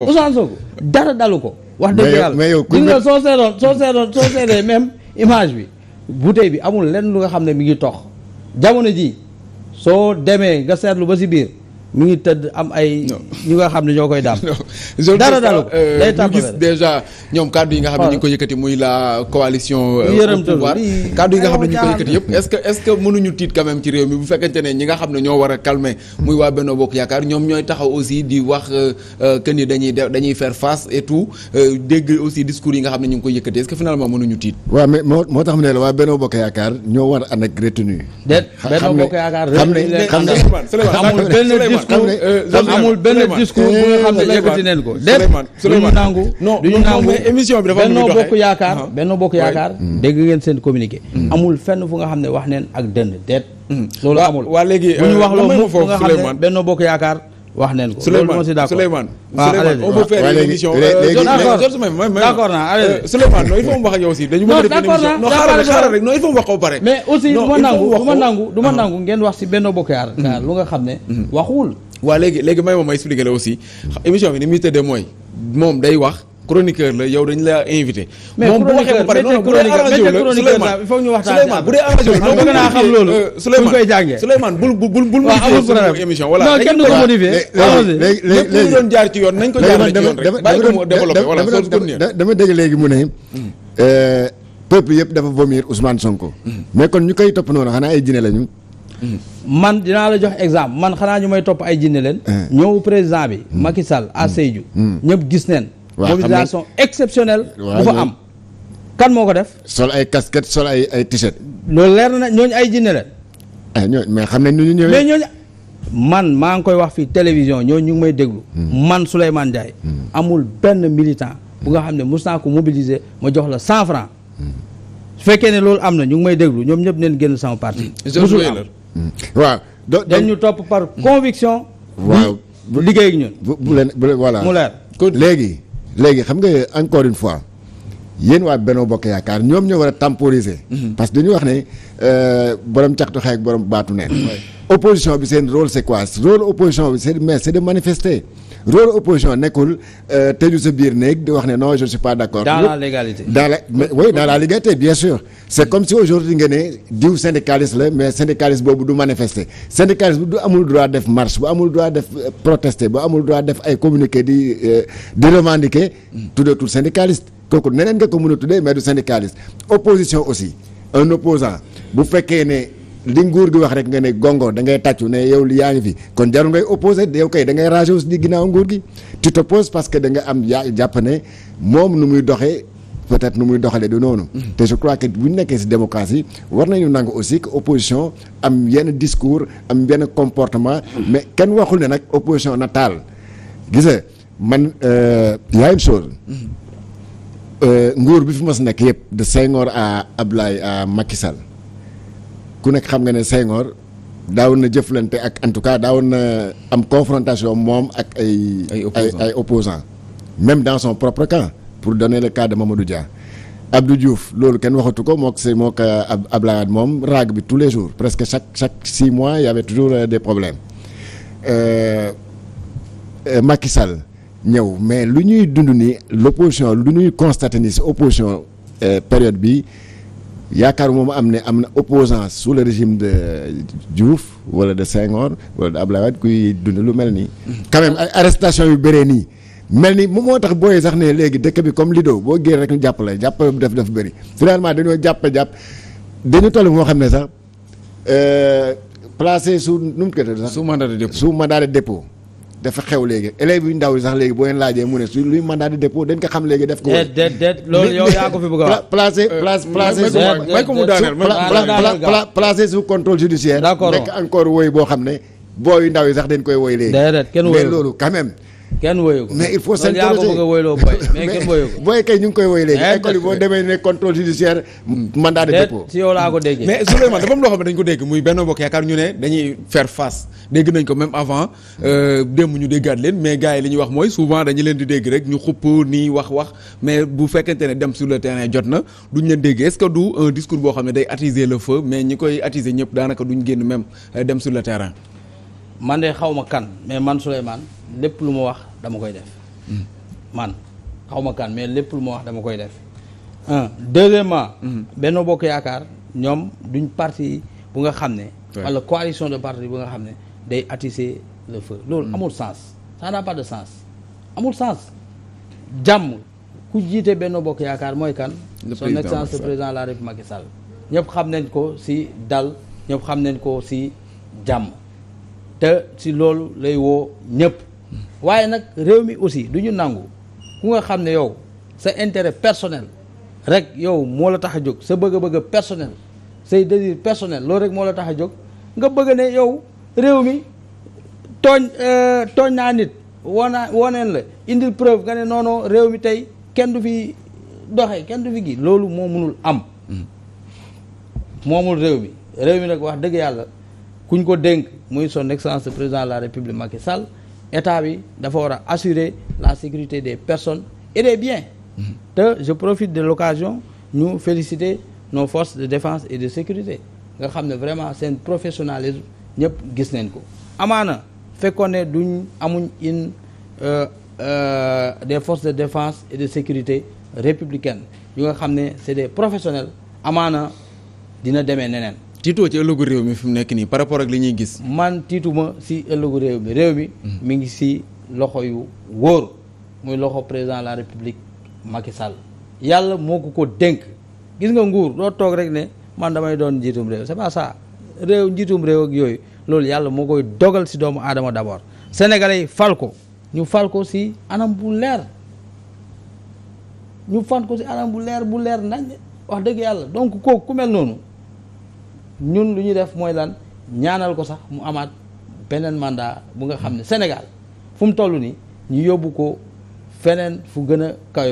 Ousmane Sonko dara dalu ko. wax dëgg yàlla mais yow mais yow. soo seetoon soo seetoon soo seetee même image bi bouteille bi amul lenn lu nga xam ne mi ngi tox jamono ji soo demee nga seetlu ba si biir mi ngi tëdd am ay. ñi xam ne ñoo koy daal. daal euh, day gis déjà ñoom kàddu yi nga xam ne ñu ngi ko yëkkati muy la coalition. au euh, pouvoir kàddu yi nga xam ne ñu ngi ko yëkkati a calmer. muy waa Benno Bokk Yaakaar ñooy taxaw aussi di wax euh, que ni dañuy def dañuy faire yi nga xam ne ñu ngi koy yëkkati est-ce que finalement mënuñu tiit. waaw mais moo tax mu ne la waa Benno Bokk Yaakaar ñoo war a ak retenue. déet Benno Bokk Yaakaar discours euh, amul benn discours bu nga xam ne yëkkati neen ko def duñu nangu duñu nangu émission bi dafa bennoo bokk yaakaar ah. bennoo bokk yaakaar mm. dégg ngeen seen communiqué mm. amul fenn fu nga xam ne wax neen ak dënn deet mm. loolu amul waa léegi bu ñu wax euh, loolu foofu nga xam ne bennoo bokk yaakaar wax neen ko loolu moo si d'accord Souleymane Souleymane on euh, aussi dañu mën a def une émission non xaaral rek xaaral rek non il faut mu wax ko pare mais aussi du ma nangu du ma ah. wax si Benno Bokk Yaakaar mm-hmm. nga xam ne mm-hmm. waxul waaw léegi léegi may moom ma expliqué la aussi émission bi ni muy tëddee mooy moom day wax chroniqueur la yow dañ la invité. moom bu waxee ba pare non non bu dee arrangé wu la bu dee arrangé wu la bëgg euh, koy jàngee Souleymane bul bul ci yoon nañ ko jaar ci yoon rek bàyyi ko mu développé voilà soo ko dama dégg léegi mu ne. Hmm. Euh, peuple yëpp dafa vomir Ousmane hmm. mais kon ñu koy topp noonu xanaa ay jinne lañu. Hmm. man dinaa la jox exemple man xanaa ñu may topp ay jinne leen. Eh. ñëw président bi. Macky Sall à Sédhiou. ñëpp gis neen mobilisation exceptionnelle bu fa am kan moo ko def sol ay casquette sol ay ay t-shirt loolu leer na ñooñu ay jinne la ah, ñooñu mais xam nañ ñu ñëwee man maa ngi koy wax fii télévision ñooñu ñu ngi may déglu hmm. man Souleymane Ndiaye hmm. amul benn militant bu nga xam ne mu naa ko mobiliser ma jox la cent franc fekkee ne loolu am na ñu ngi may déglu ñoom ñëpp neen génn sama parti hmm. mosul am waaw dañ ñu topp par conviction waaw liggéey ak ñun bu leen voilà mu leer léegi léegi xam nga encore une fois yéen waa Benno Bokk Yaakaar ñoom ñoo war a temporiser. Mhm. parce que dañuy wax ne euh, borom caxtu xay ak borom baatu neen opposition bi seen rôle c'est quoi rôle opposition bi c'est mais c'est de manifester. rôle opposition nekkul euh, tëju sa biir néeg di wax ne non je ne suis pas d' accord. dans la légalité bien sûr. c' comme si aujourd'hui nga ne diw syndicaliste la mais syndicaliste boobu du manifester syndicaliste bu du amul droit def marche bu amul droit def euh, protester bu amul droit def ay communique di euh, di revendiquer. Hmm. tuddatul syndicaliste kooku neneen nga ko mën a tuddee mais du syndicaliste opposition aussi un opposant bu fekkee ne. li nguur gi wax rek nga ne gongo dangay ngay tàccu ne yow li yaa ngi fi kon jarul ngay opposé yow kay da ngay ragé ginnaaw nguur gi tu te poses parce que da am yaa jàpp moom nu muy doxee peut-être nu muy doxalee di noonu. Mm-hmm. te je crois que bu ñu nekkee si démocratie war nañu nangu aussi que opposition am yenn discours am yenn comportement. Mm-hmm. mais kenn waxul ne nag opposition na taal. gis man euh, y a une chose. Mm-hmm. Euh, nguur bi fi mas nekk yëpp de Senghor à Abdoulaye à Macky Sall ku nekk xam nga ne Senghor daawul na jëflante ak en tout cas daawoon na am confrontation moom ak ay. ay ay opposant même dans son propre camp pour donner le cas de Mamadou Dia. Abdou Diouf loolu kenn waxatu ko moo si moo ko euh, Ablaye Wade moom raag bi tous les jours presque chaque chaque six mois y avait toujours euh, des problèmes euh, euh Sall ñëw mais lu ñuy dund ni l' lu ñuy constaté ni si opposition période bi yaakaar moom am ne am na opposant sous le régime de Diouf wala de Senghor wala de Abdoulaye Wade kuy dund lu mel nii. quand ay arrestation yu bëree nii. mel ni moom moo tax booyee sax ne léegi dëkk bi comme Lido boo génn rek ñu jàpp la jàpp def def bëri finalement dañoo jàpp jàpp dañu toll moo xam ne sax euh, placé su nu mu tuddati sax. sous mandat de dépôt sous dafa xew léegi élèves yu ndaw yi sax léegi boo leen laajee mu ne su luy mandat de dépôt dañ ko xam léegi def ko. déet déet déet loolu yow yaa a wax. placé placé placé sous contrôle judiciaire. d'accord encore woy boo xam ne booyu yu ndaw yi sax dañ koy woy léegi. déedéet kenn woyul mais loolu quand même. kenn woyu ko mais il faut s'interroger bëgg a woyloo boy mais kenn woyu ko boy kay ñu ngi koy woy léegi école yi boo demee ne contrôle judiciaire hmm. mandat de dépôt si yow laa ko déggee mais Souleymane dafa am loo xam ne dañ ko dégg muy Benno Bokk Yaakaar ñu ne dañuy faire face dégg nañ ko même avant euh, démb ñu déggaat leen mais gars yi li ñuy wax mooy souvent dañu leen di dégg rek ñu xupp nii wax wax mais bu fekkente ne dem sur le terrain jot na duñ leen dégg est-ce que du un discours boo xam ne day attiser le feu mais ñi koy attiser ñëpp daanaka duñ génn même euh, dem sur le terrain man de xaw ma kan mais man Souleymane lépp lu ma wax dama koy def hmm. man xaw ma kan mais lépp lu ma wax dama koy def un deuxièmement hmm. Benno Bokk Yaakaar ñoom duñ parti bu nga xam ne wala coalition de parti bu nga xam ne day attiser le feu loolu hmm. amul sens ça n'a pas de sens amul sens jàmm ku jiite Benno Bokk Yaakaar mooy kan son excellence le président de la République Macky Sall ñëpp xam nañ ko si dal ñëpp xam nañ ko si jàmm te si loolu lay woo ñëpp waaye nag réew mi aussi du ñu nangu ku nga xam ne yow sa intérêt personnel rek yow moo la tax a jóg sa bëgg-bëgg personnel say désir personnel loolu rek moo la tax a jóg nga bëgg ne yow réew mi tooñ euh, tooñ naa nit woonaa wooneen la indil preuve nga ne noono réew mi tey kenn du fi doxe kenn du fi gi loolu moo munul am hmm. moomul réew mi réew mi nag wax dëgg yàlla kuñ ko dénk muy son excellence le président de la république Macky Sall état bi dafa war a assurer la sécurité des personnes et des biens mm-hmm. te je profite de l'occasion ñu féliciter nos forces de défence et de sécurité nga xam ne vraiment seen professionnalisme ñëpp gis nañ ko amaana fekkoon ne duñ amuñ une euh, euh, des forces de défense et de sécurité républicaines yu nga xam ne c'est des professionnels amaana dina demee neneen tiitoo ci ëllëgu réew mi fi mu nekk nii par rapport ak li ñuy gis. man tiituma si ëllëgu réew mi réew mi. Hmm. mi ngi si loxo yu wóor muy loxo président la république Macky Sall. yàlla moo ko ko dénk gis nga nguur doo toog rek ne man damay doon njiitum réew c'est pas ça réew njiitum réew ak yooyu loolu yàlla moo koy dogal si doomu aadama d'abord sénégalais yi fal ko ñu fal ko si anam bu leer ñu fal ko si anam bu leer bu leer nañ wax dëgg yàlla donc kooku k mel noonu. ñun lu ñu def mooy lan ñaanal ko sax mu amaat beneen mandat bu nga xam ne Sénégal fu mu toll nii ñu yóbbu ko feneen fu gën a kawe